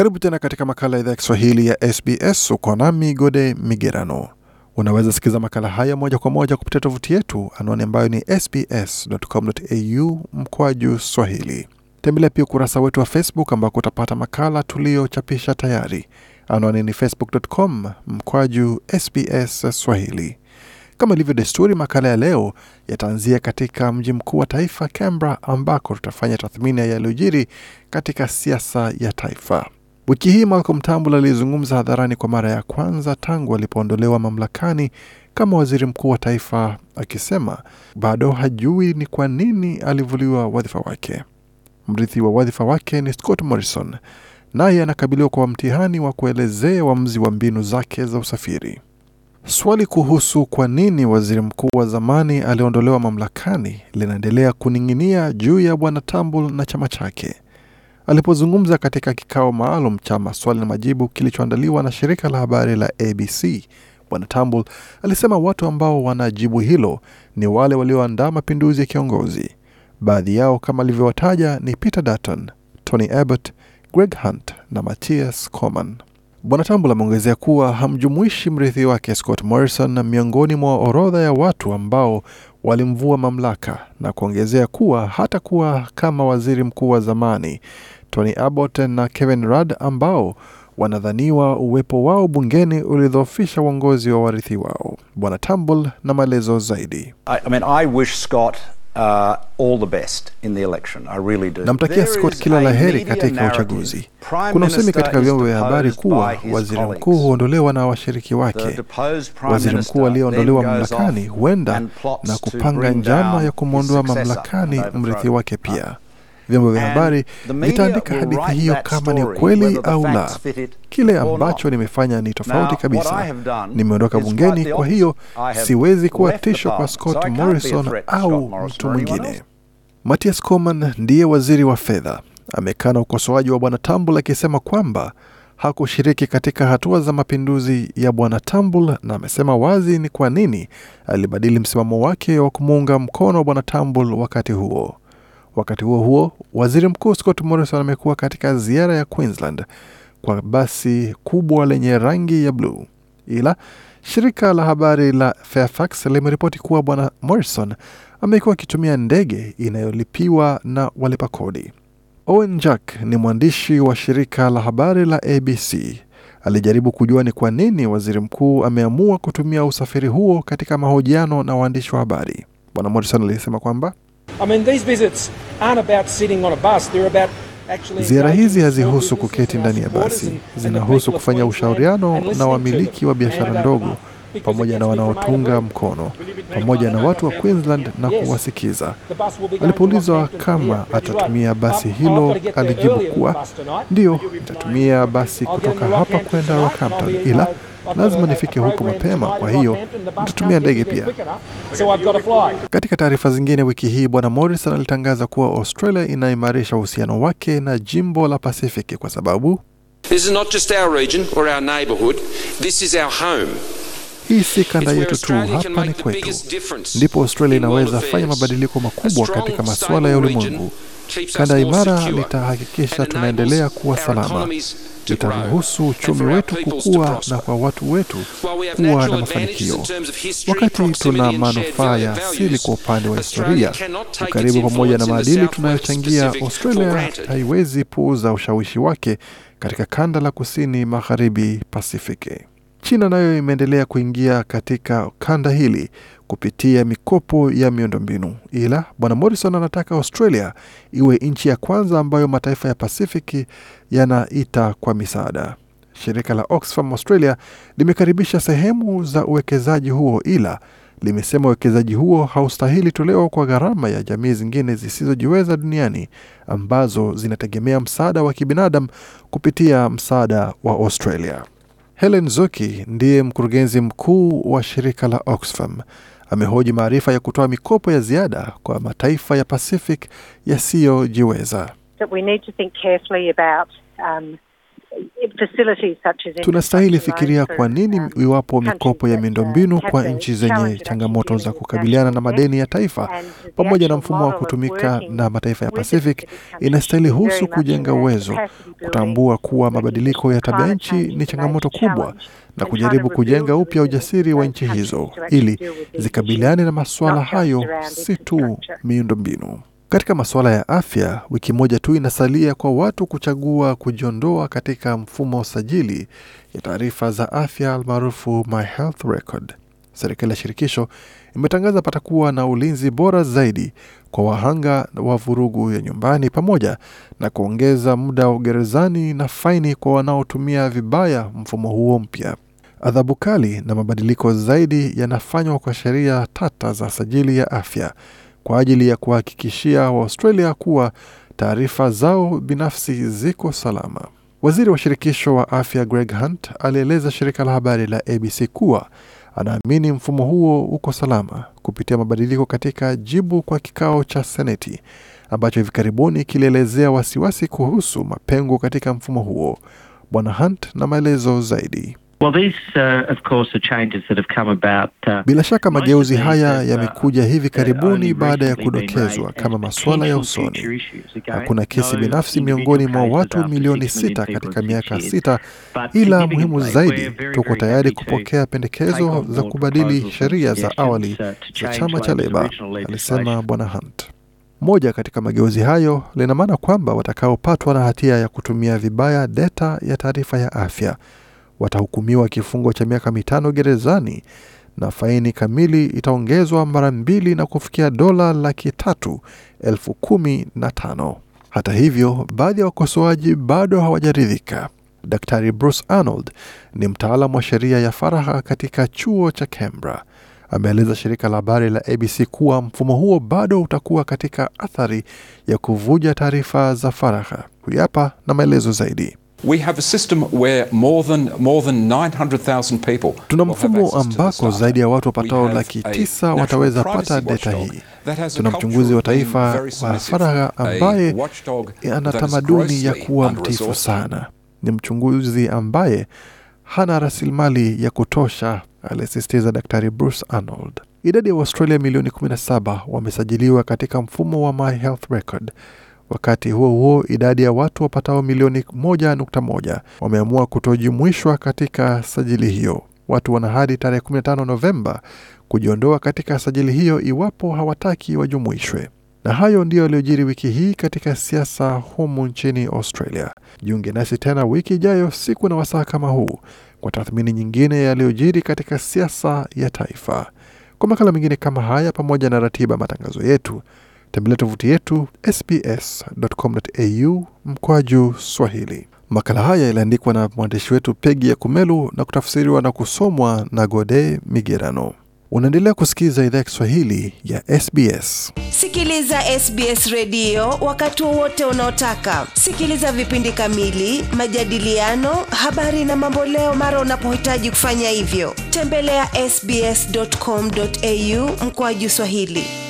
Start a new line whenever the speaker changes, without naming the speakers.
Karibu tena katika makala ya idhaa ya Kiswahili ya SBS. Uko nami Gode Migerano. Unaweza sikiza makala haya moja kwa moja kupitia tovuti yetu, anwani ambayo ni sbs.com.au mkwaju swahili. Tembelea pia ukurasa wetu wa Facebook ambako utapata makala tuliyochapisha tayari, anwani ni facebook.com mkwaju sbs swahili. Kama ilivyo desturi, makala ya leo yataanzia katika mji mkuu wa taifa Canberra, ambako tutafanya tathmini ya yaliyojiri katika siasa ya taifa. Wiki hii Malcolm Turnbull alizungumza hadharani kwa mara ya kwanza tangu alipoondolewa mamlakani kama waziri mkuu wa taifa, akisema bado hajui ni kwa nini alivuliwa wadhifa wake. Mrithi wa wadhifa wake ni Scott Morrison, naye anakabiliwa kwa mtihani wa kuelezea uamuzi wa mbinu zake za usafiri. Swali kuhusu kwa nini waziri mkuu wa zamani aliondolewa mamlakani linaendelea kuning'inia juu ya bwana Turnbull na chama chake alipozungumza katika kikao maalum cha maswali na majibu kilichoandaliwa na shirika la habari la ABC. Bwana Tambul alisema watu ambao wanajibu hilo ni wale walioandaa mapinduzi ya kiongozi. Baadhi yao kama alivyowataja ni Peter Dutton, Tony Abbott, Greg Hunt na Matthias Coman. Bwana Tambul ameongezea kuwa hamjumuishi mrithi wake Scott Morrison miongoni mwa orodha ya watu ambao walimvua mamlaka na kuongezea kuwa hata kuwa kama waziri mkuu wa zamani Tony Abbott na Kevin Rudd ambao wanadhaniwa uwepo wao bungeni ulidhoofisha uongozi wa warithi wao. Bwana Turnbull na maelezo zaidi. I, I mean, I wish Scott Uh, all the best in the election. I really do. Namtakia Scott kila la heri katika uchaguzi. Kuna usemi katika vyombo vya habari kuwa waziri mkuu huondolewa na washiriki wake. Waziri mkuu aliyeondolewa mamlakani huenda na kupanga njama ya kumwondoa mamlakani mrithi wake pia. Vyombo vya habari vitaandika hadithi hiyo kama ni ukweli au la. Kile ambacho nimefanya ni tofauti kabisa. Nimeondoka bungeni, kwa hiyo siwezi kuwa tisho kwa Scott Morrison au mtu mwingine. Matias Coman ndiye waziri wa fedha, amekana ukosoaji wa bwana Tambul akisema kwamba hakushiriki katika hatua za mapinduzi ya bwana Tambul na amesema wazi ni kwa nini alibadili msimamo wake wa kumuunga mkono bwana Tambul wakati huo. Wakati huo huo, waziri mkuu Scott Morrison amekuwa katika ziara ya Queensland kwa basi kubwa lenye rangi ya bluu, ila shirika la habari la Fairfax limeripoti kuwa bwana Morrison amekuwa akitumia ndege inayolipiwa na walipa kodi. Owen Jack ni mwandishi wa shirika la habari la ABC. Alijaribu kujua ni kwa nini waziri mkuu ameamua kutumia usafiri huo katika mahojiano na waandishi wa habari. Bwana Morrison alisema kwamba Ziara hizi hazihusu kuketi ndani ya basi, zinahusu kufanya ushauriano na wamiliki wa biashara ndogo pamoja na wanaotunga mkono pamoja na watu wa Queensland na kuwasikiza. Alipoulizwa kama atatumia basi hilo, alijibu kuwa ndiyo, nitatumia basi kutoka hapa kwenda Rockhampton, ila lazima nifike huko mapema, kwa hiyo nitatumia ndege pia. Katika taarifa zingine, wiki hii Bwana Morrison alitangaza kuwa Australia inaimarisha uhusiano wake na jimbo la Pasifiki kwa sababu hii si kanda yetu tu, hapa ni kwetu. Ndipo Australia inaweza fanya mabadiliko makubwa katika masuala ya ulimwengu. Kanda imara litahakikisha tunaendelea kuwa salama, litaruhusu uchumi wetu kukua na kwa watu wetu kuwa na mafanikio. Wakati tuna manufaa ya asili kwa upande wa historia, ukaribu pamoja na maadili tunayochangia, Australia haiwezi puuza ushawishi wake katika kanda la kusini magharibi Pasifiki. China nayo imeendelea kuingia katika kanda hili kupitia mikopo ya miundombinu, ila bwana Morrison anataka Australia iwe nchi ya kwanza ambayo mataifa ya Pasifiki yanaita kwa misaada. Shirika la Oxfam Australia limekaribisha sehemu za uwekezaji huo, ila limesema uwekezaji huo haustahili tolewa kwa gharama ya jamii zingine zisizojiweza duniani ambazo zinategemea msaada wa kibinadamu kupitia msaada wa Australia. Helen Zuki ndiye mkurugenzi mkuu wa shirika la Oxfam amehoji maarifa ya kutoa mikopo ya ziada kwa mataifa ya Pacific yasiyojiweza. Tunastahili fikiria kwa nini um, iwapo mikopo ya uh, miundombinu kwa nchi zenye changamoto za kukabiliana na madeni ya taifa pamoja na mfumo wa kutumika na mataifa ya Pacific inastahili husu kujenga uwezo, kutambua kuwa mabadiliko ya tabia nchi ni changamoto kubwa na kujaribu kujenga upya ujasiri wa nchi hizo ili zikabiliane na masuala hayo, si tu miundombinu. Katika masuala ya afya, wiki moja tu inasalia kwa watu kuchagua kujiondoa katika mfumo wa usajili ya taarifa za afya almaarufu My Health Record. Serikali ya shirikisho imetangaza patakuwa na ulinzi bora zaidi kwa wahanga wa vurugu ya nyumbani pamoja na kuongeza muda wa gerezani na faini kwa wanaotumia vibaya mfumo huo mpya. Adhabu kali na mabadiliko zaidi yanafanywa kwa sheria tata za sajili ya afya kwa ajili ya kuhakikishia Waaustralia kuwa taarifa zao binafsi ziko salama. Waziri wa shirikisho wa afya Greg Hunt alieleza shirika la habari la ABC kuwa anaamini mfumo huo uko salama kupitia mabadiliko katika jibu kwa kikao cha Seneti ambacho hivi karibuni kilielezea wasiwasi kuhusu mapengo katika mfumo huo. Bwana Hunt na maelezo zaidi. Uh, uh, Bila shaka mageuzi haya uh, yamekuja hivi karibuni baada ya kudokezwa kama masuala ya usoni. Hakuna kesi binafsi miongoni mwa watu milioni sita katika miaka sita, ila muhimu zaidi, tuko tayari kupokea pendekezo za kubadili sheria za awali za chama cha Leba, alisema Bwana Hunt. Moja katika mageuzi hayo lina maana kwamba watakaopatwa na hatia ya kutumia vibaya data ya taarifa ya afya watahukumiwa kifungo cha miaka mitano gerezani na faini kamili itaongezwa mara mbili na kufikia dola laki tatu elfu kumi na tano. Hata hivyo, baadhi ya wakosoaji bado hawajaridhika. Daktari Bruce Arnold ni mtaalam wa sheria ya faraha katika chuo cha Canberra. Ameeleza shirika la habari la ABC kuwa mfumo huo bado utakuwa katika athari ya kuvuja taarifa za faraha Huyu hapa na maelezo zaidi. Tuna mfumo ambako zaidi ya watu wapatao laki tisa wataweza pata data hii. Tuna mchunguzi wa taifa wa faragha ambaye ana tamaduni ya kuwa mtiifu sana. Ni mchunguzi ambaye hana rasilimali ya kutosha, alisisitiza Daktari Bruce Arnold. Idadi ya Waustralia milioni 17 wamesajiliwa katika mfumo wa My Health Record Wakati huo huo, idadi ya watu wapatao milioni moja nukta moja wameamua kutojumuishwa katika sajili hiyo. Watu wana hadi tarehe 15 Novemba kujiondoa katika sajili hiyo iwapo hawataki wajumuishwe. Na hayo ndiyo yaliyojiri wiki hii katika siasa humu nchini Australia. Jiunge nasi tena wiki ijayo, siku na wasaa kama huu, kwa tathmini nyingine yaliyojiri katika siasa ya taifa. Kwa makala mengine kama haya, pamoja na ratiba matangazo yetu tembelea tovuti yetu sbs.com.au mkwaju Swahili. Makala haya yaliandikwa na mwandishi wetu Pegi ya Kumelu na kutafsiriwa na kusomwa na Gode Migerano. Unaendelea kusikiliza idhaa ya Kiswahili ya SBS. Sikiliza SBS redio wakati wowote unaotaka. Sikiliza vipindi kamili, majadiliano, habari na mamboleo mara unapohitaji kufanya hivyo. Tembelea ya sbs.com.au mkoaju Swahili.